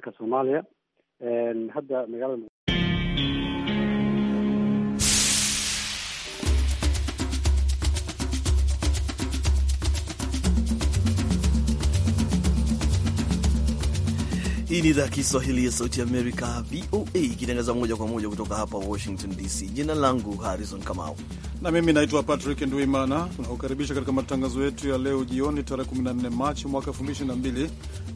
dalka soomaaliya hadda magaalada Hii ni idhaa ya Kiswahili ya Sauti ya Amerika, VOA, ikitangaza moja kwa moja kutoka hapa Washington DC. Jina langu Harrison Kamau na mimi naitwa Patrick Nduimana. Tunakukaribisha katika matangazo yetu ya leo jioni, tarehe 14 Machi mwaka 2022,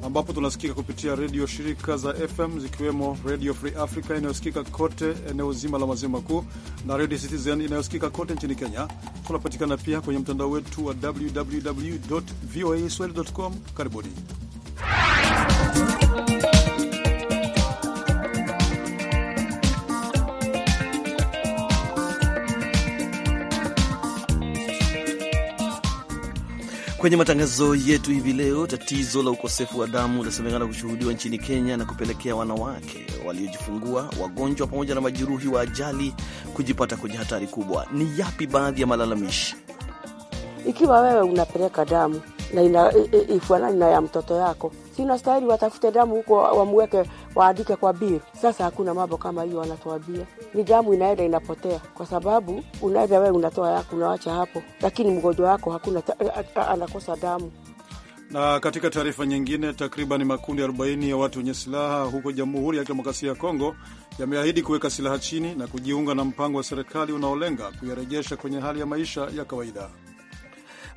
ambapo tunasikika kupitia redio shirika za FM zikiwemo Radio Free Africa inayosikika kote eneo zima la maziwa makuu na Radio Citizen inayosikika kote nchini Kenya. Tunapatikana pia kwenye mtandao wetu wa www voa swahili com. Karibuni. Kwenye matangazo yetu hivi leo, tatizo la ukosefu wa damu unasemekana kushuhudiwa nchini Kenya na kupelekea wanawake waliojifungua, wagonjwa, pamoja na majeruhi wa ajali kujipata kwenye hatari kubwa. Ni yapi baadhi ya malalamishi? Ikiwa wewe unapeleka damu na ifuanani na ya mtoto yako sina stahili, watafute damu huko wamweke, waandike kwa biri. Sasa hakuna mambo kama hiyo, wanatuambia ni damu inaenda inapotea, kwa sababu unaenda wewe unatoa yako unawacha hapo, lakini mgonjwa wako hakuna anakosa damu. Na katika taarifa nyingine, takriban makundi 40 ya watu wenye silaha huko Jamhuri ya Kidemokrasia ya Kongo yameahidi kuweka silaha chini na kujiunga na mpango wa serikali unaolenga kuyarejesha kwenye hali ya maisha ya kawaida.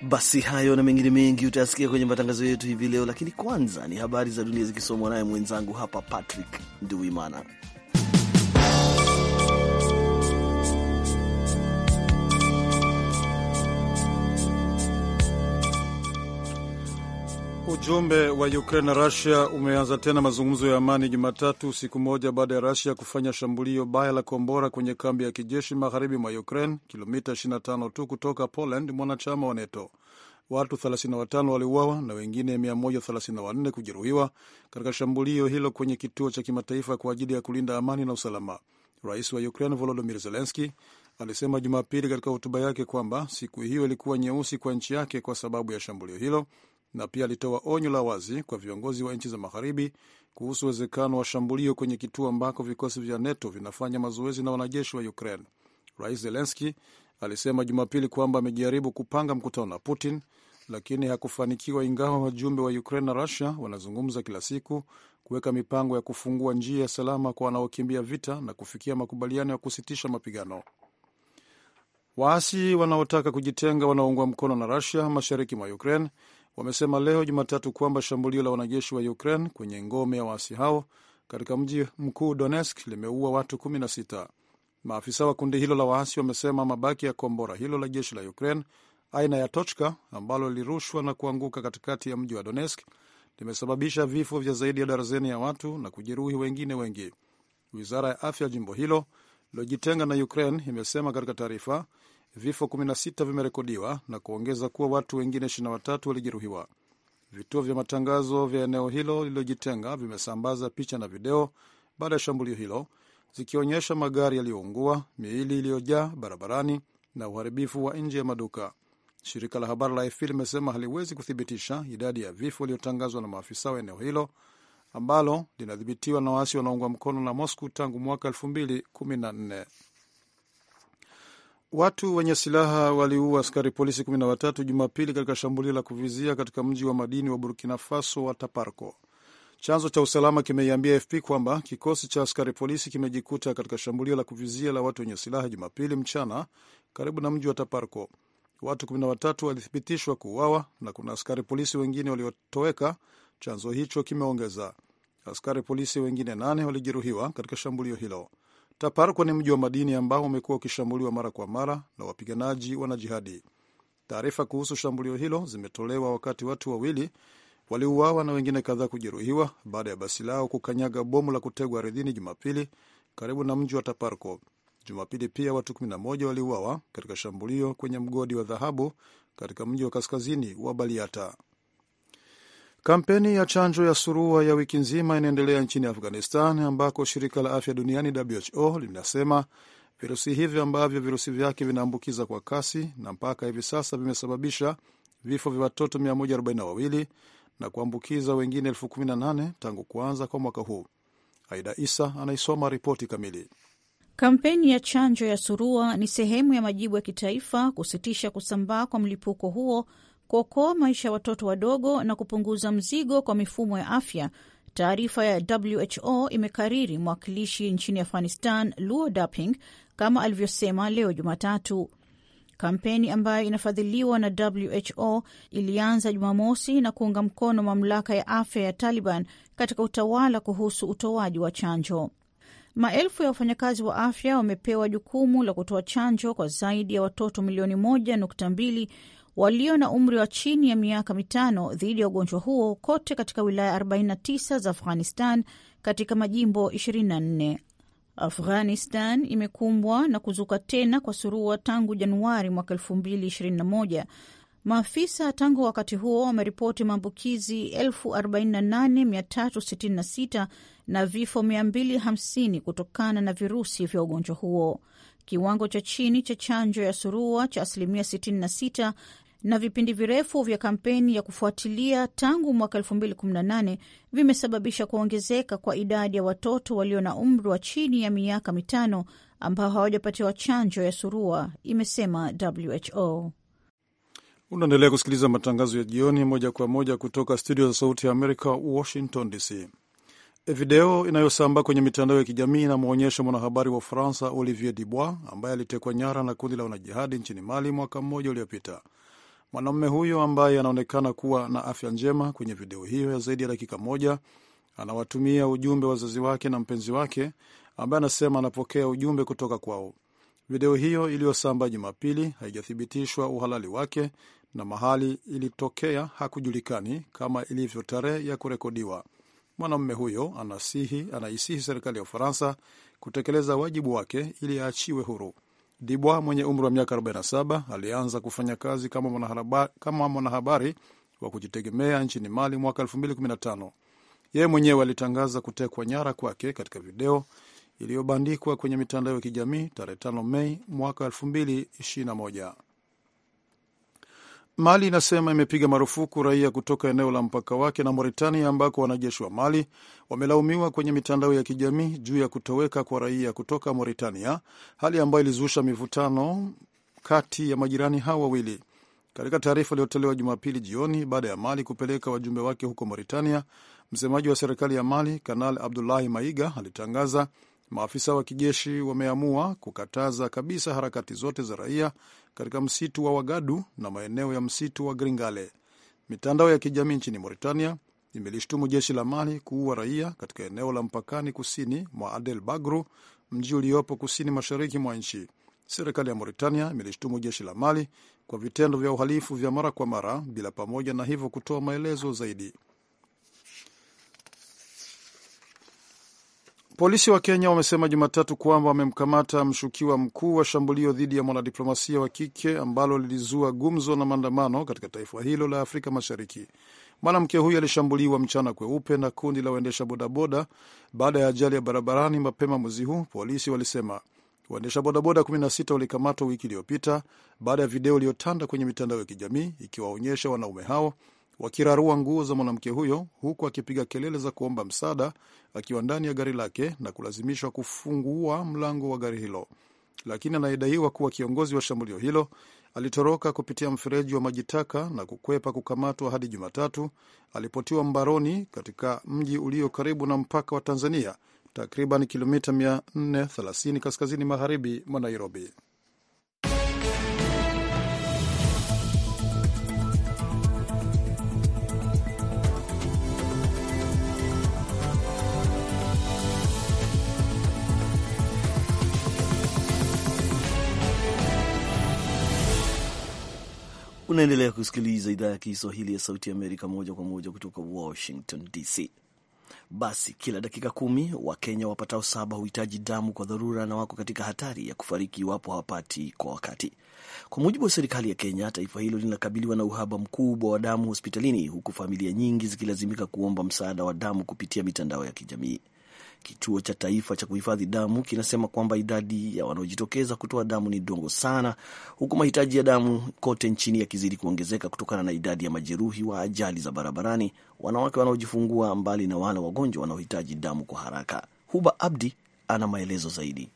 Basi hayo na mengine mengi utayasikia kwenye matangazo yetu hivi leo, lakini kwanza ni habari za dunia zikisomwa naye mwenzangu hapa Patrick Nduwimana. Ujumbe wa Ukraine na Rusia umeanza tena mazungumzo ya amani Jumatatu, siku moja baada ya Rusia kufanya shambulio baya la kombora kwenye kambi ya kijeshi magharibi mwa Ukraine, kilomita 25 tu kutoka Poland, mwanachama wa NATO. Watu 35 waliuawa na wengine 134 kujeruhiwa katika shambulio hilo kwenye kituo cha kimataifa kwa ajili ya kulinda amani na usalama. Rais wa Ukraine Volodymyr Zelensky alisema Jumapili katika hotuba yake kwamba siku hiyo ilikuwa nyeusi kwa nchi yake kwa sababu ya shambulio hilo na pia alitoa onyo la wazi kwa viongozi wa nchi za magharibi kuhusu uwezekano wa shambulio kwenye kituo ambako vikosi vya NATO vinafanya mazoezi na wanajeshi wa Ukraine. Rais Zelenski alisema Jumapili kwamba amejaribu kupanga mkutano na Putin lakini hakufanikiwa, ingawa wajumbe wa Ukraine na Rusia wanazungumza kila siku kuweka mipango ya kufungua njia ya salama kwa wanaokimbia vita na kufikia makubaliano ya kusitisha mapigano. Waasi wanaotaka kujitenga wanaoungwa mkono na Rusia mashariki mwa Ukraine wamesema leo Jumatatu kwamba shambulio la wanajeshi wa Ukraine kwenye ngome ya waasi hao katika mji mkuu Donetsk limeua watu 16. Maafisa wa kundi hilo la waasi wamesema mabaki ya kombora hilo la jeshi la Ukraine aina ya Tochka ambalo lilirushwa na kuanguka katikati ya mji wa Donetsk limesababisha vifo vya zaidi ya darazeni ya watu na kujeruhi wengine wengi. Wizara ya afya ya jimbo hilo lilojitenga na Ukraine imesema katika taarifa vifo 16 vimerekodiwa na kuongeza kuwa watu wengine 23 walijeruhiwa. Vituo vya matangazo vya eneo hilo lililojitenga vimesambaza picha na video baada ya shambulio hilo, zikionyesha magari yaliyoungua, miili iliyojaa barabarani na uharibifu wa nje ya maduka. Shirika la habari la AFP limesema haliwezi kuthibitisha idadi ya vifo iliyotangazwa na maafisa wa eneo hilo ambalo linadhibitiwa na waasi wanaungwa mkono na Moscow tangu mwaka 2014. Watu wenye silaha waliua askari polisi 13 Jumapili katika shambulio la kuvizia katika mji wa madini wa Burkina Faso wa Taparco. Chanzo cha usalama kimeiambia FP kwamba kikosi cha askari polisi kimejikuta katika shambulio la kuvizia la watu wenye silaha Jumapili mchana karibu na mji wa Taparco. Watu 13 walithibitishwa kuuawa na kuna askari polisi wengine waliotoweka, chanzo hicho kimeongeza. Askari polisi wengine nane walijeruhiwa katika shambulio hilo. Taparkwa ni mji wa madini ambao umekuwa ukishambuliwa mara kwa mara na wapiganaji wanajihadi. Taarifa kuhusu shambulio hilo zimetolewa wakati watu wawili waliuawa na wengine kadhaa kujeruhiwa baada ya basi lao kukanyaga bomu la kutegwa ardhini Jumapili karibu na mji wa Taparko. Jumapili pia watu 11 waliuawa katika shambulio kwenye mgodi wa dhahabu katika mji wa kaskazini wa Baliata. Kampeni ya chanjo ya surua ya wiki nzima inaendelea nchini Afghanistan, ambako shirika la afya duniani WHO linasema virusi hivyo ambavyo virusi vyake vinaambukiza kwa kasi na mpaka hivi sasa vimesababisha vifo vya watoto 142 na kuambukiza wengine 18 tangu kuanza kwa mwaka huu. Aida Isa anaisoma ripoti kamili. Kampeni ya chanjo ya surua ni sehemu ya majibu ya kitaifa kusitisha kusambaa kwa mlipuko huo kuokoa maisha ya watoto wadogo na kupunguza mzigo kwa mifumo ya afya. Taarifa ya WHO imekariri mwakilishi nchini Afghanistan Luo Daping kama alivyosema leo Jumatatu. Kampeni ambayo inafadhiliwa na WHO ilianza Jumamosi na kuunga mkono mamlaka ya afya ya Taliban katika utawala kuhusu utoaji wa chanjo. Maelfu ya wafanyakazi wa afya wamepewa jukumu la kutoa chanjo kwa zaidi ya watoto milioni moja nukta mbili walio na umri wa chini ya miaka mitano dhidi ya ugonjwa huo kote katika wilaya 49 za Afghanistan katika majimbo 24. Afghanistan imekumbwa na kuzuka tena kwa surua tangu Januari mwaka 2021. Maafisa tangu wakati huo wameripoti maambukizi 48366 na vifo 250 kutokana na virusi vya ugonjwa huo. Kiwango cha chini cha chanjo ya surua cha asilimia 66 na vipindi virefu vya kampeni ya kufuatilia tangu mwaka 2018 vimesababisha kuongezeka kwa idadi ya watoto walio na umri wa chini ya miaka mitano ambao hawajapatiwa chanjo ya surua, imesema WHO. Unaendelea kusikiliza matangazo ya jioni moja kwa moja kutoka studio za Sauti ya Amerika, Washington DC. Video inayosambaa kwenye mitandao ya kijamii inamwonyesha mwanahabari wa Ufaransa Olivier Dubois ambaye alitekwa nyara na kundi la wanajihadi nchini Mali mwaka mmoja uliopita. Mwanamume huyo ambaye anaonekana kuwa na afya njema kwenye video hiyo ya zaidi ya dakika moja anawatumia ujumbe wazazi wake na mpenzi wake ambaye anasema anapokea ujumbe kutoka kwao. Video hiyo iliyosambaa Jumapili haijathibitishwa uhalali wake na mahali ilitokea hakujulikani, kama ilivyo tarehe ya kurekodiwa. Mwanamume huyo anasihi, anaisihi serikali ya Ufaransa kutekeleza wajibu wake ili aachiwe huru. Dibwa mwenye umri wa miaka 47 alianza kufanya kazi kama mwanahabari, kama mwanahabari wa kujitegemea nchini Mali mwaka 2015. Yeye mwenyewe alitangaza kutekwa nyara kwake katika video iliyobandikwa kwenye mitandao ya kijamii tarehe 5 Mei mwaka 2021. Mali inasema imepiga marufuku raia kutoka eneo la mpaka wake na Mauritania, ambako wanajeshi wa Mali wamelaumiwa kwenye mitandao ya kijamii juu ya kutoweka kwa raia kutoka Mauritania, hali ambayo ilizusha mivutano kati ya majirani hao wawili. Katika taarifa iliyotolewa Jumapili jioni baada ya Mali kupeleka wajumbe wake huko Mauritania, msemaji wa serikali ya Mali Kanal Abdulahi Maiga alitangaza Maafisa wa kijeshi wameamua kukataza kabisa harakati zote za raia katika msitu wa Wagadu na maeneo ya msitu wa Gringale. Mitandao ya kijamii nchini Mauritania imelishtumu jeshi la Mali kuua raia katika eneo la mpakani kusini mwa Adel bagru mji uliopo kusini mashariki mwa nchi. Serikali ya Mauritania imelishtumu jeshi la Mali kwa vitendo vya uhalifu vya mara kwa mara bila pamoja na hivyo kutoa maelezo zaidi. Polisi wa Kenya wamesema Jumatatu kwamba wamemkamata mshukiwa mkuu wa shambulio dhidi ya mwanadiplomasia wa kike ambalo lilizua gumzo na maandamano katika taifa hilo la Afrika Mashariki. Mwanamke huyo alishambuliwa mchana kweupe na kundi la waendesha bodaboda baada ya ajali ya barabarani mapema mwezi huu, polisi walisema. Waendesha bodaboda 16 walikamatwa wiki iliyopita baada ya video iliyotanda kwenye mitandao ya kijamii ikiwaonyesha wanaume hao wakirarua nguo za mwanamke huyo huku akipiga kelele za kuomba msaada akiwa ndani ya gari lake na kulazimishwa kufungua mlango wa gari hilo, lakini anayedaiwa kuwa kiongozi wa shambulio hilo alitoroka kupitia mfereji wa maji taka na kukwepa kukamatwa hadi Jumatatu alipotiwa mbaroni katika mji ulio karibu na mpaka wa Tanzania, takriban kilomita 430 kaskazini magharibi mwa Nairobi. Unaendelea kusikiliza idhaa ya Kiswahili ya Sauti ya Amerika moja kwa moja kutoka Washington DC. Basi kila dakika kumi Wakenya wapatao saba huhitaji damu kwa dharura na wako katika hatari ya kufariki iwapo hawapati kwa wakati. Kwa mujibu wa serikali ya Kenya, taifa hilo linakabiliwa na uhaba mkubwa wa damu hospitalini, huku familia nyingi zikilazimika kuomba msaada wa damu kupitia mitandao ya kijamii. Kituo cha Taifa cha Kuhifadhi Damu kinasema kwamba idadi ya wanaojitokeza kutoa damu ni ndogo sana, huku mahitaji ya damu kote nchini yakizidi kuongezeka kutokana na idadi ya majeruhi wa ajali za barabarani, wanawake wanaojifungua, mbali na wale wagonjwa wanaohitaji damu kwa haraka. Huba Abdi ana maelezo zaidi.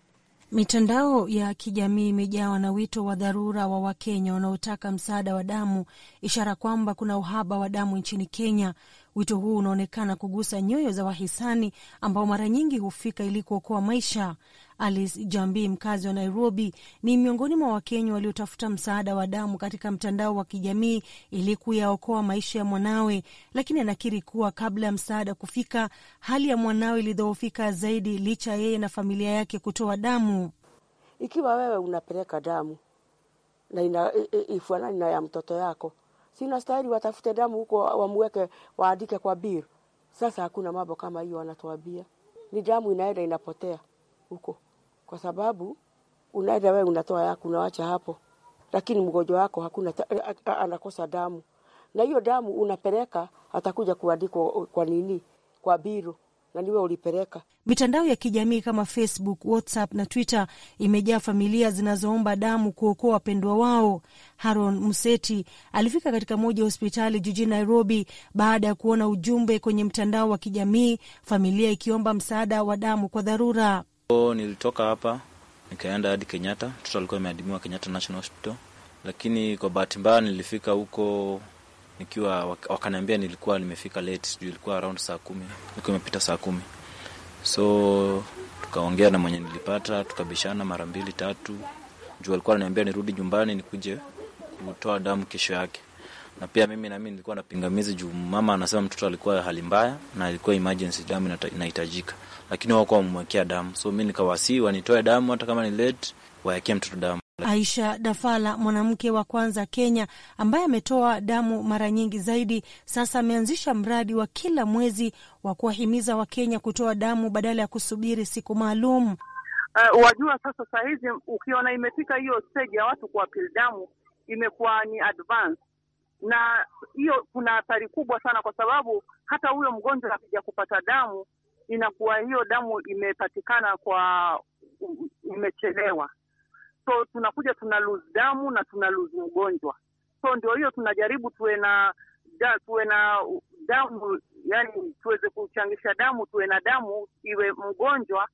Mitandao ya kijamii imejawa na wito wa dharura wa Wakenya wanaotaka msaada wa damu, ishara kwamba kuna uhaba wa damu nchini Kenya, Wito huu unaonekana kugusa nyoyo za wahisani ambao mara nyingi hufika ili kuokoa maisha. Alice Jambi, mkazi wa Nairobi, ni miongoni mwa Wakenya waliotafuta msaada wa damu katika mtandao wa kijamii ili kuyaokoa maisha ya mwanawe, lakini anakiri kuwa kabla ya msaada kufika, hali ya mwanawe ilidhoofika zaidi, licha yeye na familia yake kutoa damu. Ikiwa wewe unapeleka damu na ifuanani na ya mtoto yako sina stahili, watafute damu huko wamweke, waandike kwa bill. Sasa hakuna mambo kama hiyo, wanatuambia ni damu inaenda inapotea huko, kwa sababu unaenda wewe unatoa yako unawacha hapo, lakini mgonjwa wako hakuna anakosa damu, na hiyo damu unapeleka atakuja kuandikwa kwa nini, kwa biru naliwe ulipeleka. Mitandao ya kijamii kama Facebook, WhatsApp na Twitter imejaa familia zinazoomba damu kuokoa wapendwa wao. Haron Museti alifika katika moja ya hospitali jijini Nairobi baada ya kuona ujumbe kwenye mtandao wa kijamii, familia ikiomba msaada wa damu kwa dharura. O, nilitoka hapa nikaenda hadi Kenyatta. Mtoto alikuwa imeadimiwa Kenyatta National Hospital, lakini kwa bahati mbaya nilifika huko nikiwa wakaniambia, nilikuwa nimefika late, sijui ilikuwa around saa kumi, ilikuwa imepita saa kumi, so tukaongea na mwenye nilipata, tukabishana mara mbili tatu, juu alikuwa ananiambia nirudi nyumbani nikuje kutoa damu kesho yake na pia mimi nami nilikuwa na pingamizi juu mama anasema mtoto alikuwa hali mbaya na alikuwa emergency, damu inahitajika, lakini wao kwa kumwekea damu. So mi nikawasii wanitoe damu hata kama ni late, waekee mtoto damu. Aisha Dafala, mwanamke wa kwanza Kenya ambaye ametoa damu mara nyingi zaidi, sasa ameanzisha mradi wa kila mwezi wa kuwahimiza Wakenya kutoa damu badala ya kusubiri siku maalum. Uh, wajua sasa, sahizi ukiona imefika hiyo stage ya watu kuapili damu imekuwa ni advance, na hiyo kuna athari kubwa sana, kwa sababu hata huyo mgonjwa akija kupata damu inakuwa hiyo damu imepatikana kwa imechelewa so tunakuja tuna lose damu na tuna lose ugonjwa. So ndio hiyo tunajaribu tuwe na da, tuwe na damu yani, tuweze kuchangisha damu, tuwe na damu, iwe mgonjwa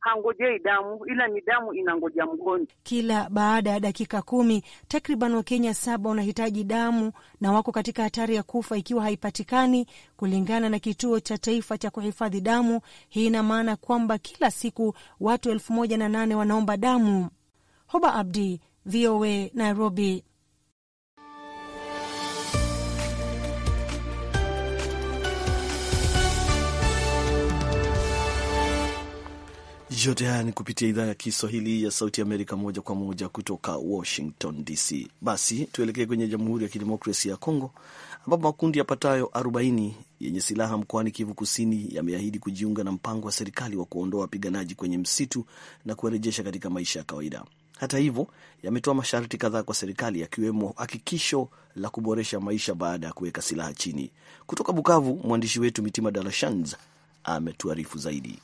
hangojei damu ila ni damu inangoja mgonjwa. Kila baada ya dakika kumi takriban Wakenya saba wanahitaji damu na wako katika hatari ya kufa ikiwa haipatikani, kulingana na kituo cha taifa cha kuhifadhi damu. Hii ina maana kwamba kila siku watu elfu moja na nane wanaomba damu. Hoba Abdi, VOA Nairobi. Yote haya ni kupitia idhaa ya Kiswahili ya Sauti Amerika, moja kwa moja kutoka Washington DC. Basi tuelekee kwenye Jamhuri ya Kidemokrasia ya Kongo, ambapo makundi yapatayo 40 yenye silaha mkoani Kivu Kusini yameahidi kujiunga na mpango wa serikali wa kuondoa wapiganaji kwenye msitu na kuwarejesha katika maisha ya kawaida. Hata hivyo, yametoa masharti kadhaa kwa serikali, yakiwemo hakikisho la kuboresha maisha baada ya kuweka silaha chini. Kutoka Bukavu, mwandishi wetu Mitima Darashans ametuarifu zaidi.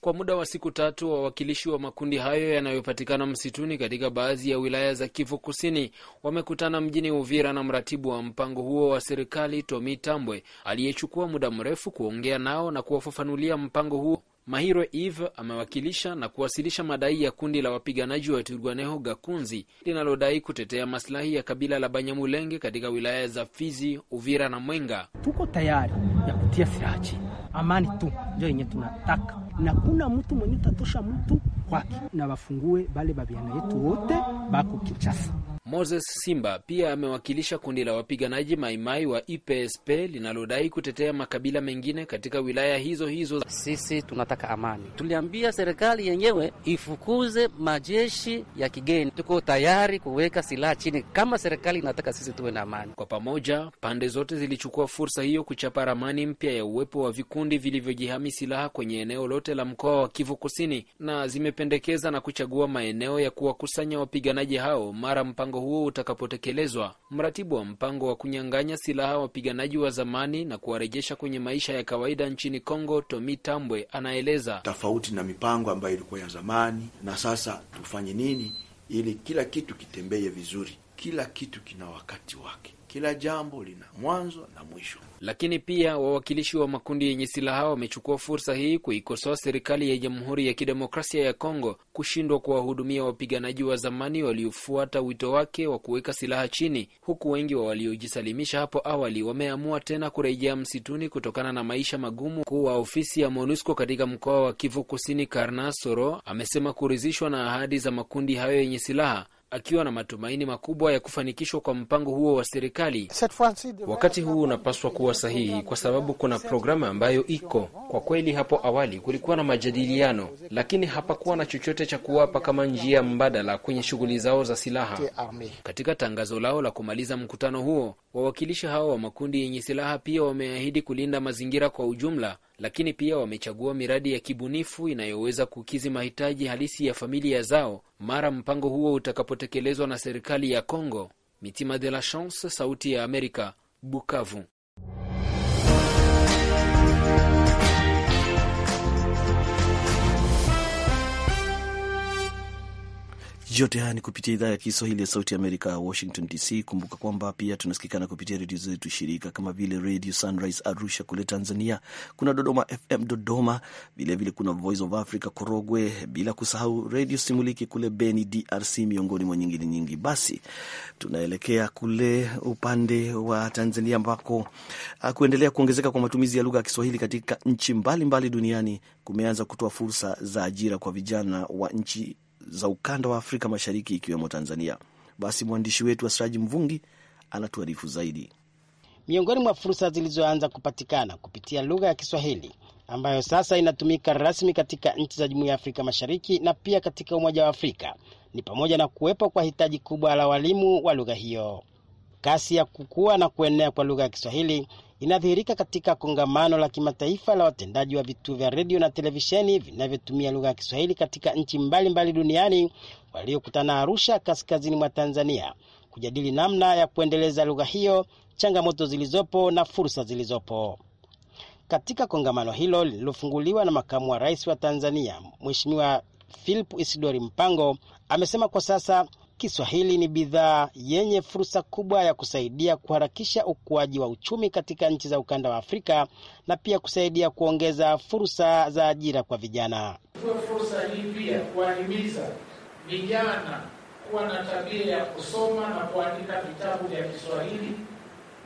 Kwa muda wa siku tatu wawakilishi wa makundi hayo yanayopatikana msituni katika baadhi ya wilaya za Kivu Kusini wamekutana mjini Uvira na mratibu wa mpango huo wa serikali Tomi Tambwe, aliyechukua muda mrefu kuongea nao na kuwafafanulia mpango huo Mahiro Eve amewakilisha na kuwasilisha madai ya kundi la wapiganaji wa Turwaneho Gakunzi linalodai kutetea maslahi ya kabila la Banyamulenge katika wilaya za Fizi, Uvira na Mwenga. Tuko tayari ya kutia silaha chini, amani tu ndio yenye tunataka, na kuna mtu mwenye tatosha mtu kwake, na wafungue bale babiana yetu wote bako Kinshasa. Moses Simba pia amewakilisha kundi la wapiganaji Maimai wa EPSP linalodai kutetea makabila mengine katika wilaya hizo hizo. Sisi tunataka amani, tuliambia serikali yenyewe ifukuze majeshi ya kigeni, tuko tayari kuweka silaha chini kama serikali inataka sisi tuwe na amani. Kwa pamoja, pande zote zilichukua fursa hiyo kuchapa ramani mpya ya uwepo wa vikundi vilivyojihami silaha kwenye eneo lote la mkoa wa Kivu Kusini, na zimependekeza na kuchagua maeneo ya kuwakusanya wapiganaji hao mara mpango mpango huo utakapotekelezwa, mratibu wa mpango wa kunyang'anya silaha wapiganaji wa zamani na kuwarejesha kwenye maisha ya kawaida nchini Kongo, Tomi Tambwe anaeleza tofauti na mipango ambayo ilikuwa ya zamani, na sasa tufanye nini ili kila kitu kitembee vizuri. Kila kitu kina wakati wake. Kila jambo lina mwanzo na mwisho. Lakini pia wawakilishi wa makundi yenye silaha wamechukua fursa hii kuikosoa serikali ya Jamhuri ya Kidemokrasia ya Kongo kushindwa kuwahudumia wapiganaji wa zamani waliofuata wito wake wa kuweka silaha chini, huku wengi wa waliojisalimisha hapo awali wameamua tena kurejea msituni kutokana na maisha magumu. Mkuu wa ofisi ya MONUSCO katika mkoa wa Kivu Kusini, Karna Soro, amesema kuridhishwa na ahadi za makundi hayo yenye silaha akiwa na matumaini makubwa ya kufanikishwa kwa mpango huo wa serikali. Wakati huu unapaswa kuwa sahihi, kwa sababu kuna programu ambayo iko kwa kweli. Hapo awali kulikuwa na majadiliano, lakini hapakuwa na chochote cha kuwapa kama njia mbadala kwenye shughuli zao za silaha. Katika tangazo lao la kumaliza mkutano huo, wawakilishi hao wa makundi yenye silaha pia wameahidi kulinda mazingira kwa ujumla lakini pia wamechagua miradi ya kibunifu inayoweza kukidhi mahitaji halisi ya familia zao mara mpango huo utakapotekelezwa na serikali ya congo Mitima de la Chance, Sauti ya Amerika, Bukavu. Yote haya ni kupitia idhaa ya Kiswahili ya Sauti ya Amerika, Washington DC. Kumbuka kwamba pia tunasikikana kupitia redio zetu shirika kama vile Radio Sunrise Arusha kule Tanzania, kuna Dodoma FM Dodoma, vilevile vile kuna Voice of Africa Korogwe, bila kusahau Redio Simuliki kule Beni DRC, miongoni mwa nyingine nyingi. Basi tunaelekea kule upande wa Tanzania ambako ah, kuendelea kuongezeka kwa matumizi ya lugha ya Kiswahili katika nchi mbalimbali mbali duniani kumeanza kutoa fursa za ajira kwa vijana wa nchi za ukanda wa Afrika Mashariki ikiwemo Tanzania. Basi mwandishi wetu Asraji Mvungi anatuarifu zaidi. Miongoni mwa fursa zilizoanza kupatikana kupitia lugha ya Kiswahili ambayo sasa inatumika rasmi katika nchi za Jumuiya ya Afrika Mashariki na pia katika Umoja wa Afrika ni pamoja na kuwepo kwa hitaji kubwa la walimu wa lugha hiyo. Kasi ya kukua na kuenea kwa lugha ya Kiswahili inadhihirika katika kongamano la kimataifa la watendaji wa vituo vya redio na televisheni vinavyotumia lugha ya Kiswahili katika nchi mbalimbali duniani waliokutana Arusha, kaskazini mwa Tanzania, kujadili namna ya kuendeleza lugha hiyo, changamoto zilizopo na fursa zilizopo. Katika kongamano hilo lililofunguliwa na makamu wa rais wa Tanzania Mheshimiwa Philip Isidori Mpango amesema kwa sasa Kiswahili ni bidhaa yenye fursa kubwa ya kusaidia kuharakisha ukuaji wa uchumi katika nchi za ukanda wa Afrika na pia kusaidia kuongeza fursa za ajira kwa vijana. fursa hii pia kuwahimiza vijana kuwa na tabia ya kusoma na kuandika vitabu vya Kiswahili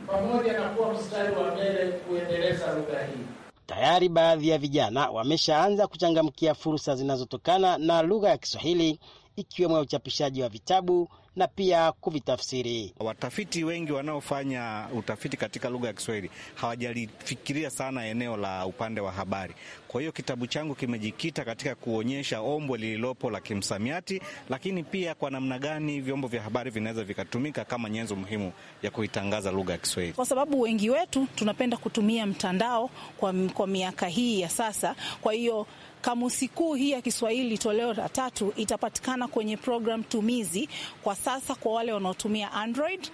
pamoja na kuwa mstari wa mbele kuendeleza lugha hii. Tayari baadhi ya vijana wameshaanza kuchangamkia fursa zinazotokana na lugha ya Kiswahili ikiwemo ya uchapishaji wa vitabu na pia kuvitafsiri. Watafiti wengi wanaofanya utafiti katika lugha ya Kiswahili hawajalifikiria sana eneo la upande wa habari. Kwa hiyo kitabu changu kimejikita katika kuonyesha ombwe lililopo la kimsamiati, lakini pia kwa namna gani vyombo vya habari vinaweza vikatumika kama nyenzo muhimu ya kuitangaza lugha ya Kiswahili, kwa sababu wengi wetu tunapenda kutumia mtandao kwa, kwa miaka hii ya sasa. Kwa hiyo Kamusi kuu hii ya Kiswahili toleo la tatu itapatikana kwenye program tumizi kwa sasa kwa wale wanaotumia Android.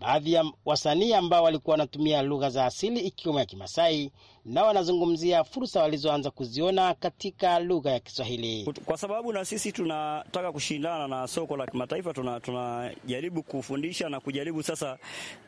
Baadhi ya wasanii ambao walikuwa wanatumia lugha za asili ikiwemo ya Kimasai nao wanazungumzia fursa walizoanza kuziona katika lugha ya Kiswahili, kwa sababu na sisi tunataka kushindana na soko la kimataifa. Tunajaribu tuna kufundisha na kujaribu sasa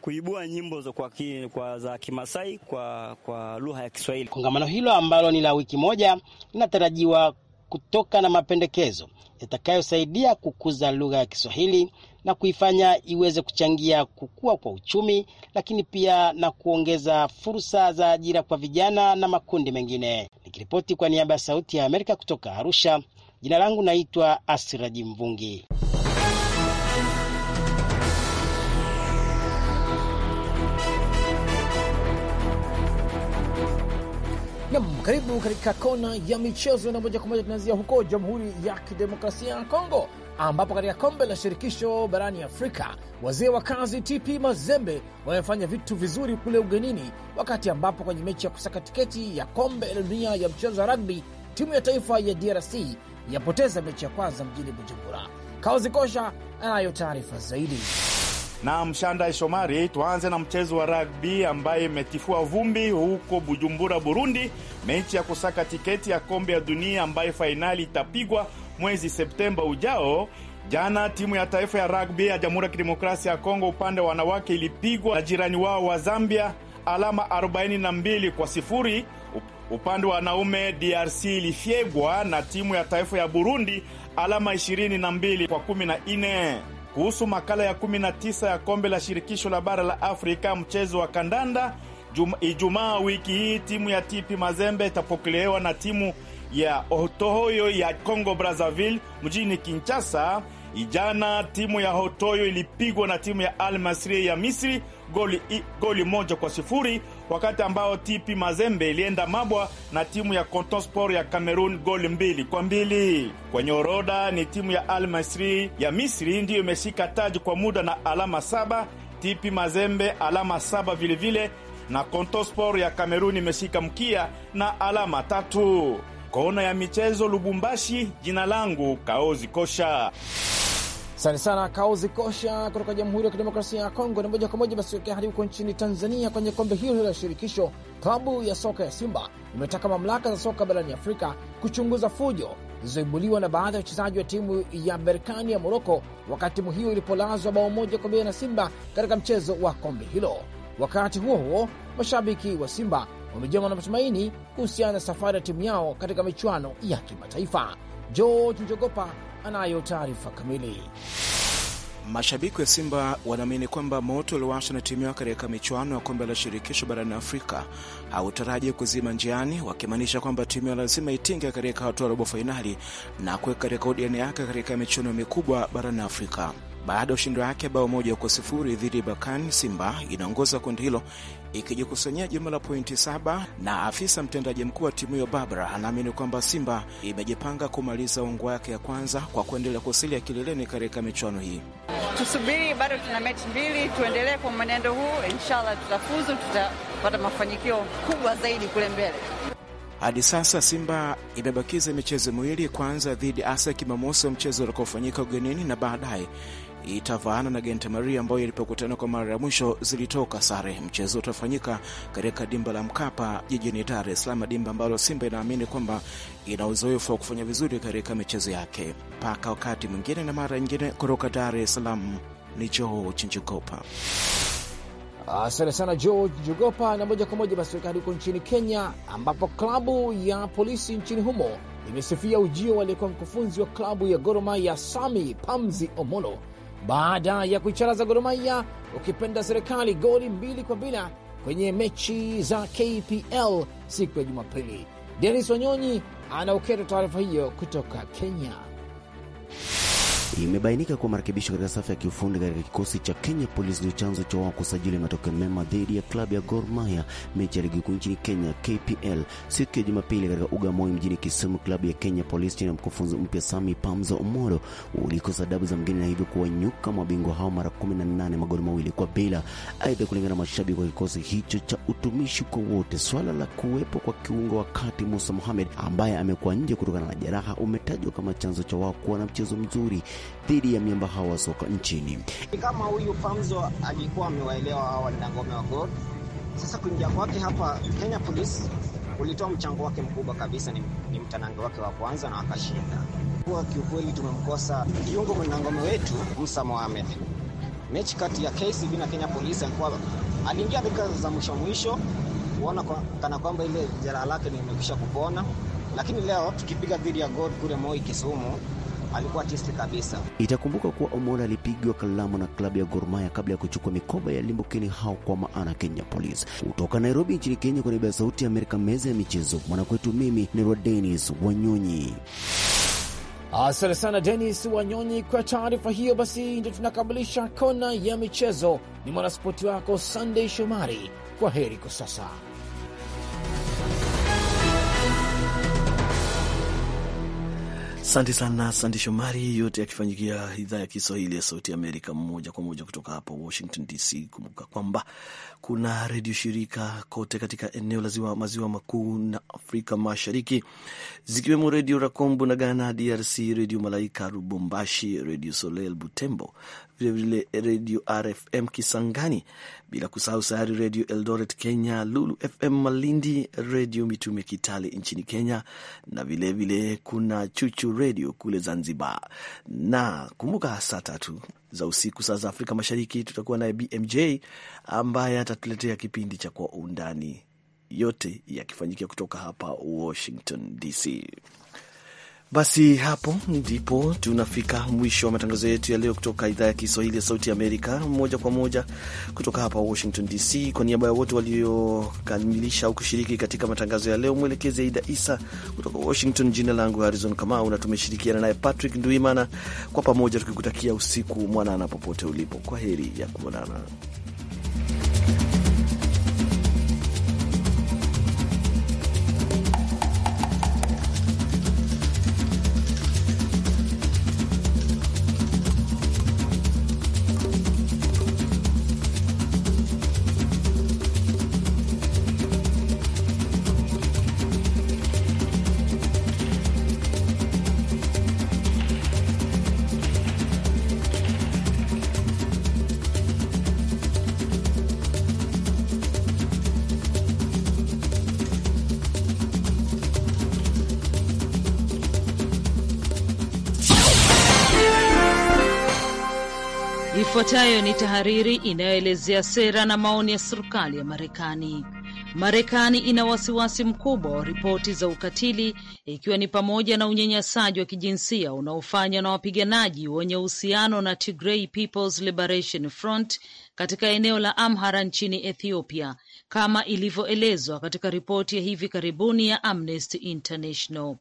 kuibua nyimbo kwa ki, kwa za Kimasai kwa, kwa lugha ya Kiswahili. Kongamano hilo ambalo ni la wiki moja linatarajiwa kutoka na mapendekezo yatakayosaidia kukuza lugha ya Kiswahili na kuifanya iweze kuchangia kukua kwa uchumi, lakini pia na kuongeza fursa za ajira kwa vijana na makundi mengine. Nikiripoti kwa niaba ya Sauti ya Amerika kutoka Arusha, jina langu naitwa Asiraji Mvungi. Nam, karibu katika kona ya michezo, na moja kwa moja tunaanzia huko Jamhuri ya Kidemokrasia ya Kongo ambapo katika kombe la shirikisho barani Afrika wazee wa kazi TP Mazembe wamefanya vitu vizuri kule ugenini, wakati ambapo kwenye mechi ya kusaka tiketi ya kombe la dunia ya mchezo wa ragbi timu ya taifa ya DRC yapoteza mechi ya kwanza mjini Bujumbura. Kaozi Kosha anayo taarifa zaidi. Na Mshandai Shomari, tuanze na mchezo wa rugby ambaye imetifua vumbi huko Bujumbura, Burundi. Mechi ya kusaka tiketi ya kombe ya dunia ambayo fainali itapigwa mwezi Septemba ujao. Jana timu ya taifa ya rugby ya Jamhuri ya Kidemokrasia ya Kongo upande wa wanawake ilipigwa na jirani wao wa Zambia alama 42 kwa sifuri. Upande wa wanaume DRC ilifyegwa na timu ya taifa ya Burundi alama 22 kwa 14. Kuhusu makala ya 19 ya kombe la shirikisho la bara la Afrika mchezo wa kandanda Ijumaa wiki hii timu ya TP Mazembe itapokelewa na timu ya Otohoyo ya Congo Brazzaville mjini Kinshasa. Ijana timu ya Hotoyo ilipigwa na timu ya Al Masri ya Misri goli, goli moja kwa sifuri wakati ambao TP Mazembe ilienda mabwa na timu ya Conton Sport ya Cameroon goli mbili kwa mbili. Kwenye orodha ni timu ya Al Masri ya Misri ndiyo imeshika taji kwa muda na alama saba, TP Mazembe alama saba vilevile vile, na Conton Sport ya Cameroon imeshika mkia na alama tatu. Kona ya michezo Lubumbashi, jina langu Kaozi Kosha. Asante sana Kaozi Kosha kutoka Jamhuri ya Kidemokrasia ya Kongo. Na moja kwa moja basi hadi huko nchini Tanzania, kwenye kombe hilo la shirikisho, klabu ya soka ya Simba imetaka mamlaka za soka barani Afrika kuchunguza fujo zilizoibuliwa na baadhi ya wachezaji wa timu ya Berkani ya Moroko wakati timu hiyo ilipolazwa bao moja kwa bila na Simba katika mchezo wa kombe hilo. Wakati huo huo, mashabiki wa Simba wamejawa na matumaini kuhusiana na safari ya timu yao katika michuano ya kimataifa. George Njogopa anayo taarifa kamili. Mashabiki wa Simba wanaamini kwamba moto uliowashwa na timu yao katika michuano ya kombe la shirikisho barani Afrika hautaraji kuzima njiani, wakimaanisha kwamba timu yao lazima itinge katika hatua robo fainali na kuweka rekodi yake katika michuano mikubwa barani Afrika baada ya ushindi wake bao moja kwa sifuri dhidi ya Bakan. Simba inaongoza kundi hilo ikijikusanyia jumla la pointi saba, na afisa mtendaji mkuu wa timu hiyo Barbara anaamini kwamba Simba imejipanga kumaliza ungo wake ya kwanza kwa kuendelea kusilia kileleni katika michuano hii. Tusubiri, bado tuna mechi mbili, tuendelee kwa mwenendo huu, inshallah tutafuzu, tutapata mafanikio kubwa zaidi kule mbele. Hadi sasa Simba imebakiza michezo miwili, kwanza dhidi ASEC Jumamosi mchezo utakaofanyika ugenini na baadaye itavaana na Gente Maria ambayo ilipokutana kwa mara ya mwisho zilitoka sare. Mchezo utafanyika katika dimba la Mkapa jijini Dar es Salaam, dimba ambalo Simba inaamini kwamba ina uzoefu wa kufanya vizuri katika michezo yake. Mpaka wakati mwingine na mara nyingine, kutoka Dar es Salaam ni George Njogopa. Asante sana George Njogopa. Na moja kwa moja basi hadi huko nchini Kenya, ambapo klabu ya polisi nchini humo imesifia ujio aliyekuwa mkufunzi wa klabu ya Gor Mahia Sami Pamzi Omolo baada ya kuicharaza Gor Mahia ukipenda serikali goli mbili kwa bila kwenye mechi za KPL siku ya Jumapili. Denis Wanyonyi anaokera taarifa hiyo kutoka Kenya. Imebainika kuwa marekebisho katika safu ya kiufundi katika kikosi cha Kenya Police ndio chanzo cha wao kusajili matokeo mema dhidi ya klabu ya Gor Mahia mechi ya ligi kuu nchini Kenya KPL siku ya Jumapili katika uga Moi mjini Kisumu. Klabu ya Kenya Police chini ya mkufunzi mpya Sami Pamza Omoro ulikosa dabu za mgeni na hivyo kuwanyuka mabingwa hao mara 18 magoli mawili kwa bila. Aidha, kulingana na mashabiki wa kikosi hicho cha utumishi kwa wote, swala la kuwepo kwa kiungo wakati Musa Mohamed ambaye amekuwa nje kutokana na jeraha umetajwa kama chanzo cha wao kuwa na mchezo mzuri dhidi ya miamba hao wa soka nchini. Kama huyu Pamzo alikuwa amewaelewa hawa walinda ngome wa Gor, sasa kuingia kwake hapa Kenya Police ulitoa mchango wake mkubwa kabisa, ni, ni mtanange wake wa kwanza na wakashinda. Kwa kiukweli tumemkosa kiungo mlinda nangome wetu Musa Mohamed. Mechi kati ya KCB na Kenya Police alikuwa aliingia dakika za mwisho mwisho kuona kwa, kana kwamba ile jeraha lake limekwisha kupona, lakini leo tukipiga dhidi ya God kule Moi Kisumu alikuwa tisti kabisa. Itakumbuka kuwa Omola alipigwa kalamu na klabu ya Gor Mahia kabla ya kuchukua mikoba ya limbukeni hao kwa maana Kenya Police. Kutoka Nairobi nchini Kenya, kwa niaba ya Sauti ya Amerika, meza ya michezo mwanakwetu, mimi ni Rod Denis Wanyonyi. Asante sana Denis Wanyonyi kwa taarifa hiyo. Basi ndio tunakamilisha kona ya michezo. Ni mwanaspoti wako Sunday Shomari. Kwa heri kwa sasa. Asante sana sandi Shomari. Yote yakifanyikia idhaa ya Kiswahili ya Sauti ya Amerika moja kwa moja kutoka hapa Washington DC. Kumbuka kwamba kuna redio shirika kote katika eneo la maziwa makuu na Afrika Mashariki, zikiwemo Redio Rakombu na Ghana DRC, Redio Malaika rubombashi Redio Soleil Butembo, vilevile Radio RFM Kisangani, bila kusahau sayari redio Eldoret Kenya, Lulu FM Malindi, redio Mitume Kitale nchini Kenya, na vilevile vile kuna Chuchu redio kule Zanzibar. Na kumbuka saa tatu za usiku, saa za Afrika Mashariki, tutakuwa naye BMJ ambaye atatuletea kipindi cha Kwa Undani, yote yakifanyikia kutoka hapa Washington DC. Basi hapo ndipo tunafika mwisho wa matangazo yetu ya leo kutoka idhaa ya Kiswahili ya Sauti Amerika, moja kwa moja kutoka hapa Washington DC. Kwa niaba ya wote waliokamilisha au kushiriki katika matangazo ya leo, mwelekezi Aida Isa kutoka Washington, jina langu Harizon Kamau na tumeshirikiana naye Patrick Ndwimana, kwa pamoja tukikutakia usiku mwanana popote ulipo. Kwa heri ya kuonana. Ifuatayo ni tahariri inayoelezea sera na maoni ya serikali ya Marekani. Marekani ina wasiwasi mkubwa wa ripoti za ukatili ikiwa ni pamoja na unyanyasaji wa kijinsia unaofanywa na wapiganaji wenye uhusiano na Tigray People's Liberation Front katika eneo la Amhara nchini Ethiopia, kama ilivyoelezwa katika ripoti ya hivi karibuni ya Amnesty International.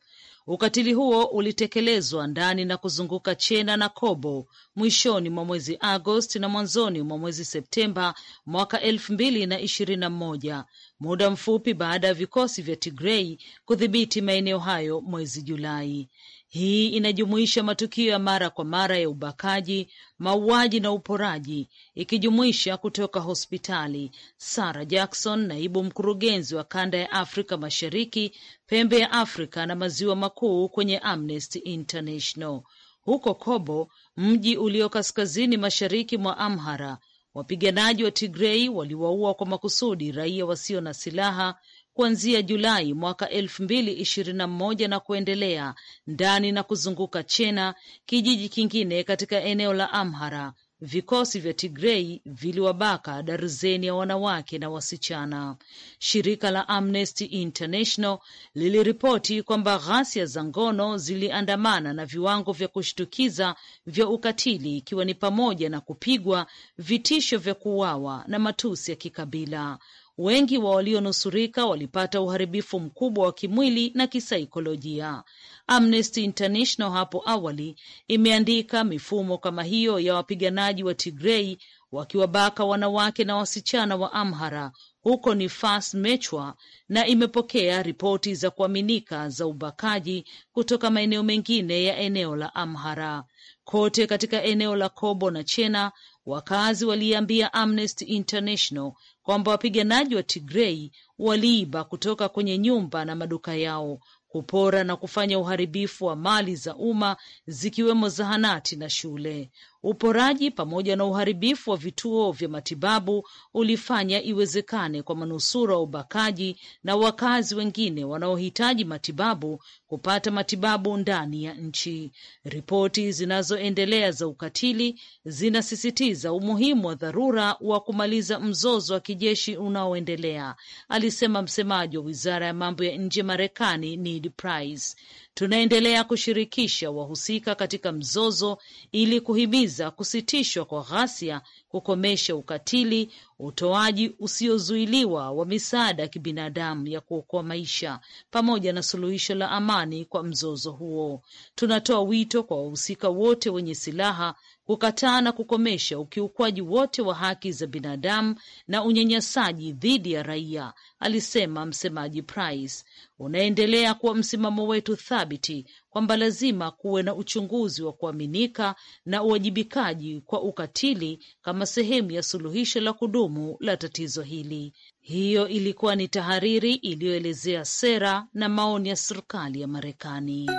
Ukatili huo ulitekelezwa ndani na kuzunguka Chena na Kobo mwishoni mwa mwezi Agosti na mwanzoni mwa mwezi Septemba mwaka elfu mbili na ishirini na moja, muda mfupi baada ya vikosi vya Tigrei kudhibiti maeneo hayo mwezi Julai. Hii inajumuisha matukio ya mara kwa mara ya ubakaji, mauaji na uporaji, ikijumuisha kutoka hospitali. Sarah Jackson, naibu mkurugenzi wa kanda ya Afrika Mashariki, pembe ya Afrika na maziwa makuu kwenye Amnesty International. Huko Kobo, mji ulio kaskazini mashariki mwa Amhara, wapiganaji wa Tigrei waliwaua kwa makusudi raia wasio na silaha kuanzia Julai mwaka elfu mbili ishirini na moja na kuendelea ndani na kuzunguka Chena, kijiji kingine katika eneo la Amhara. Vikosi vya Tigrei viliwabaka darzeni ya wanawake na wasichana. Shirika la Amnesty International liliripoti kwamba ghasia za ngono ziliandamana na viwango vya kushtukiza vya ukatili, ikiwa ni pamoja na kupigwa, vitisho vya kuuawa na matusi ya kikabila. Wengi wa walionusurika walipata uharibifu mkubwa wa kimwili na kisaikolojia. Amnesty International hapo awali imeandika mifumo kama hiyo ya wapiganaji wa Tigrei wakiwabaka wanawake na wasichana wa Amhara huko ni Fas Mechwa, na imepokea ripoti za kuaminika za ubakaji kutoka maeneo mengine ya eneo la Amhara. Kote katika eneo la Kobo na Chena, wakazi waliambia Amnesty International kwamba wapiganaji wa Tigrei waliiba kutoka kwenye nyumba na maduka yao, kupora na kufanya uharibifu wa mali za umma zikiwemo zahanati na shule. Uporaji pamoja na uharibifu wa vituo vya matibabu ulifanya iwezekane kwa manusura wa ubakaji na wakazi wengine wanaohitaji matibabu kupata matibabu ndani ya nchi. Ripoti zinazoendelea za ukatili zinasisitiza umuhimu wa dharura wa kumaliza mzozo wa kijeshi unaoendelea, alisema msemaji wa wizara ya mambo ya nje Marekani, Ned Price. Tunaendelea kushirikisha wahusika katika mzozo ili kuhimiza kushinikiza kusitishwa kwa ghasia kukomesha ukatili, utoaji usiozuiliwa wa misaada ya kibinadamu ya kuokoa maisha, pamoja na suluhisho la amani kwa mzozo huo. Tunatoa wito kwa wahusika wote wenye silaha kukataa na kukomesha ukiukwaji wote wa haki za binadamu na unyanyasaji dhidi ya raia, alisema msemaji Price. Unaendelea kuwa msimamo wetu thabiti kwamba lazima kuwe na uchunguzi wa kuaminika na uwajibikaji kwa ukatili kama kama sehemu ya suluhisho la kudumu la tatizo hili. Hiyo ilikuwa ni tahariri iliyoelezea sera na maoni ya serikali ya Marekani.